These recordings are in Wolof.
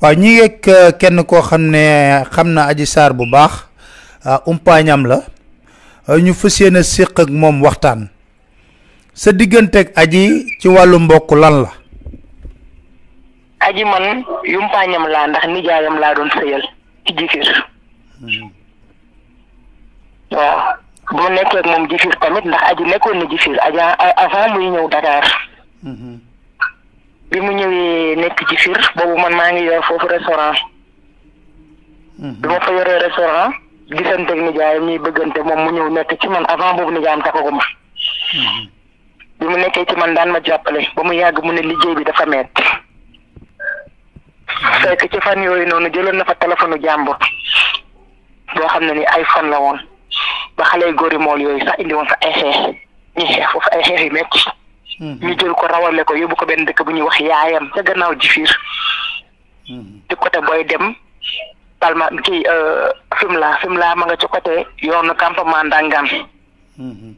wa ñi ngeeg euh, kenn ko xamne xamna aji sar bu baax euh, umpaañam la euh, ñu fas sekk ak mom waxtaan sa digganteeg aji ci walu mbokk lan la aji man yumpaañam la ndax nijaayam la doon sëyal ci jikir hmm. wa bu nekk ak mom jikir tamit ndax aji nekkoon na jifir aja avant muy ñew dakar hmm. bi mu ñëwee nekk ci fir boobu man maa ngi yor foofu restaurant mhm. bi ma fa yoree restaurant gisante ak nijaay mi bëggante moom mu ñëw nekk ci man avant boobu nijaayam takkaguma mhm. bi mu nekkee ci man daan ma jàppale ba mu yàgg mu ne liggéey bi dafa met mhm. fekk ci fan yooyu noonu jëloon na fa téléphone jàmbur boo xam ne ni iPhone la woon ba xale yu góori mool yooyu sax indi woon fa ay xeex foofu ay xeex yu metti Mhm. ñu jël ko rawale ko yóbbu ko benn dëkk bu ñuy wax yaayam ca gannaaw jifiir ci mhm. côté booy dem palma kii euh, Fimela laa ma nga ci côté yoonu campement Ndangan mhm.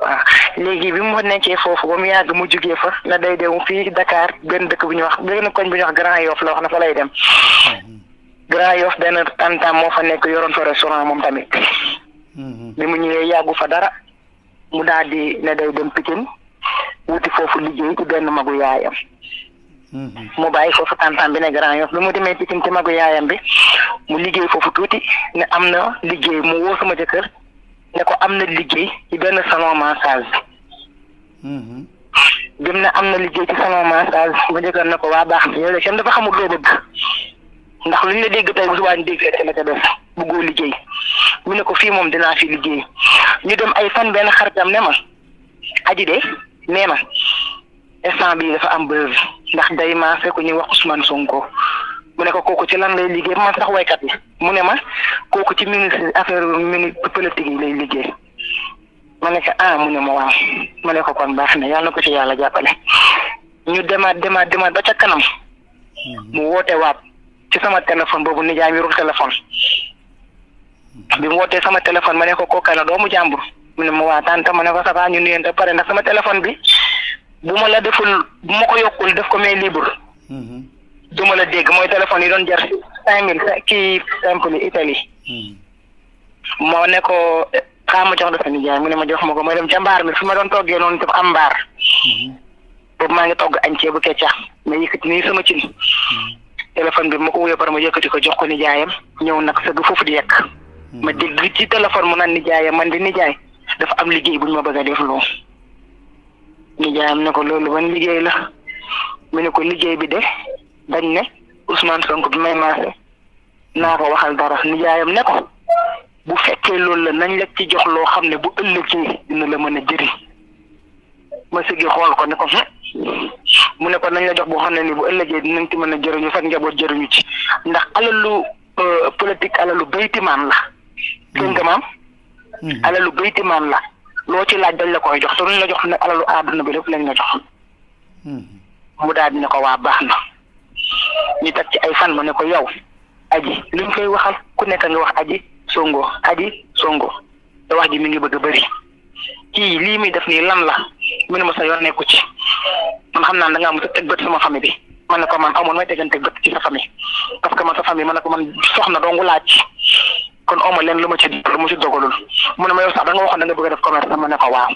waaw léegi bi mu nekkee foofu ba mu yàgg mu jugee fa la day dem fii dakaar benn dëkk bu ñuy wax benn koñ bu ñuy wax Grand Yoff la wax na fa lay dem Grand Yoff benn tantam moo fa nekk yoroon fa restaurant moom tamit bi mu ñëwee yàggu fa dara mu daal ne day dem Pikine wuti foofu liggéey ci benn magu yaayam. Mhm. mu bàyyi foofu tantam bi ne Grand Yoff bi mu demee Pikine ci magu yaayam bi mu liggéey foofu tuuti ne am na liggéey mu woo sama jëkkër ne ko am na liggéey ci benn salon massage mhm. bi. bim ne am na liggéey ci salon massage ma jëkkër ne ko waa baax na yow de kenn dafa xamul loo bëgg ndax luñ la dégg tey bu subaa ñu dégg rek tamit def bëggoo liggéey mu ne ko fii moom dinaa fi liggéey ñu dem ay fan benn xaritam ne ma aji de. nee na instant bii dafa am buzz ndax day maase ku ñuy wax Ousmane Sonko mu ne ko kooku ci lan lay liggéey man sax waykat la mu ne ma kooku ci affaire ministre politique yi lay liggéey ma ne ko ah mu ne ma waaw ma ne ko kon baax na yàlla ko ci yàlla jàppale ñu demaat demaat demaat ba ca kanam mu woote waat ci sama téléphone boobu nijaay mi rul téléphone bi mu wootee sama téléphone ma ne ko kooka la doomu jàmbur mu ne ma waa tante ma ne ko ça va ñu nuyeen te pare ndax sama téléphone bi bu ma la deful bu ma ko yokkul def ko may libre mm-hmm. du ma la dégg mooy téléphone yi doon jar cinq kii simple Italie mm-hmm. moo ne ko xaar ma jox la sa ma jox ma ko ma dem ca mbaar mi fi ma doon toggee noonu dafa am mbaar mm-hmm. boobu maa ngi togg añ ceebu keccax ma yëkkati nii sama bi ma ko wuyoo pare ma yëkkati ko jox ko nijaayam ñëw nag sëgg foofu di yekk ma dégg ci téléphone mu naan nijaayam man di nijaay dafa am liggéey buñ ma bëgg def loo nijaayam ne ko loolu ban liggéey la mu ne ko liggéey bi de dañ ne Ousmane Sonko bi may maase naa ko waxal dara nijaayam ne ko bu fekkee loolu la nañ la ci jox loo xam ne bu ëllëgee dina la mën a jëriñ ma sigi xool ko ne ko hmm? mu ne ko nañ la jox boo xam ne ni bu ëllëgee dinañ ci mën a jëriñu sax njaboot jëriñu ci ndax alalu euh, politique alalu baytimaan la. dégg nga maam Mhm. alalu baytimaan la loo ci laaj dañ la koy jox te luñ la jox nag alalu àdduna bi lépp lañ la jox mhm. mu daal di ne ko waa baax na ñu teg ci ay fan mu ne ko yow aji li mu koy waxal ku nekk nga wax aji songo aji songo te wax ji mi ngi bëgg a bëri kii lii muy def nii lan la mu ne ma sa yoon nekku ci man xam naa da ngaa mos a teg bët sama famille bi man ne ko man amoon may tegante bët ci sa famille parce que man sa famille man ne ko man soxna dong laaj kon omo leen lu ma ci lu ma ci dogalul mu ne sax da nga waxoon da nga bëgg a def commerce ma ne ko waaw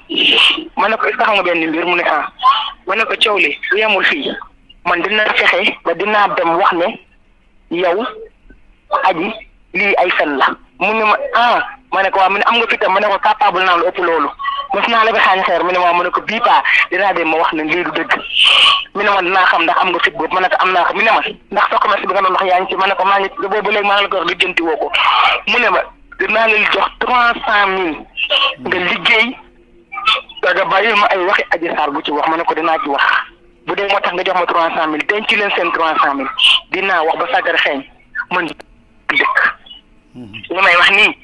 ma ne ko est-ce que xam nga benn mbir mu ne ah ma ko coow li lu yemul fii man dina fexe ba dinaa dem wax ne yow aji lii ay fen la mun ne ma ah ma ne ko waaw ne am nga fi tam ma ne ko capable naa lu ëpp loolu mos naa la ba xaañ xeer mu ne ma ma ne ko bii paa dinaa dem ma wax ne lii du dëgg mi ne ma dinaa xam ndax am nga fit boobu ma na ko am na ko mi ne ma ndax sa commerce bi nga doon wax yaa ngi ci ma ne ko maa ne ma dinaa leen jox trois cent mille nga liggéey nga bàyyil ma ay waxi Adji Sarr bu ci wax ma ne ko dinaa ci wax bu dee moo tax nga jox ma trois cent mille denc leen seen trois cent wax ba sàggar xeeñ man dëkk mhm. li may wax nii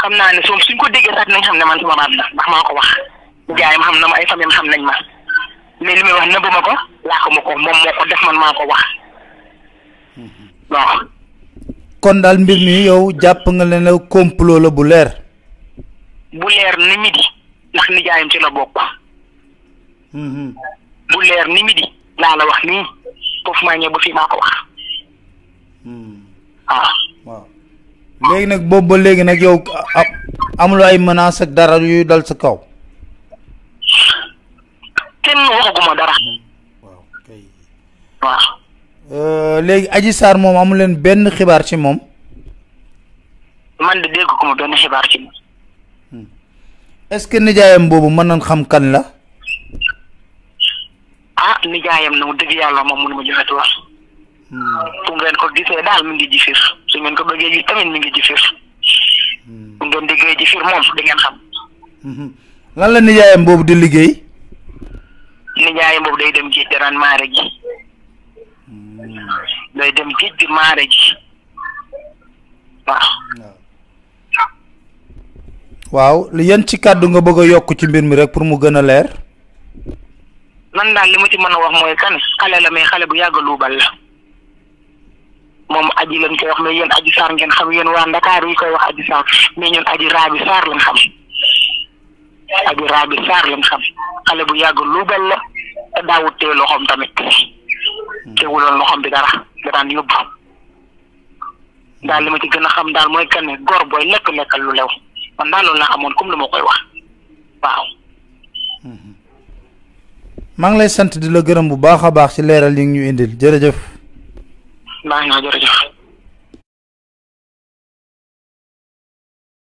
xam naa ne suñ ko déggee sax dinañ xam ne man sama baat la ndax maa ko wax jaay mhm. ma xam na ma ay famille ma xam nañ ma mais li may wax nëbb ma ko laaxuma ko moom moo ko def man maa ko wax waaw. kon daal mbir mi yow jàpp nga leen la complot la bu leer. bu leer ni midi ndax nijaayam ci la bokk. Mhm. bu leer ni midi laa la wax nii foofu maa maa ko wax. Mhm. waaw. léegi nag boobu ba léegi nag yow amuloo ay menaces ak dara yuy dal sa kaw. kenn waxaguma dara waaw kay waaw euh, aji sar moom amu leen benn xibaar ci moom man de dégg ko ma benn xibaar ci moom hmm. est ce que nijaayam xam kan la ah nijaayam na mu dëgg yàlla moom ma joxe tuwaar bu hmm. ngeen ko gisee daal mi ngi jifir su ngeen ko bëggee gis tamit mi ngi jifir bu hmm. ngeen di gëy jifir moom ngeen xam lan la nijaayam boobu di liggéey nijaayam mboob day dem géej danaan maare ji day dem géej bi maare ji waaw. waaw yan ci kàddu nga bëgg a yokk ci mbir mi rek pour mu gën a leer. man daal li ma ci mën a wax mooy kan xale la mais xale bu yàgg luubal la moom aji lañ koy wax mais yéen aji saar ngeen xam yéen waa Ndakaar yi koy wax aji saar mais ñun aji raabi saar lañ xam. aji raabi saar lañ xam xale bu yàgg luubal la te daawut tee loxoom tamit teewuloon loxoom bi dara da daan yóbbu daal li ma ci gën a xam daal mooy kan ne gor booy lekk lekkal lu lew man daal loolu laa amoon comme lu ma koy wax waaw. maa ngi lay sant di la gërëm bu baax a baax ci leeral yi ñu indil jërëjëf. baax na jërëjëf.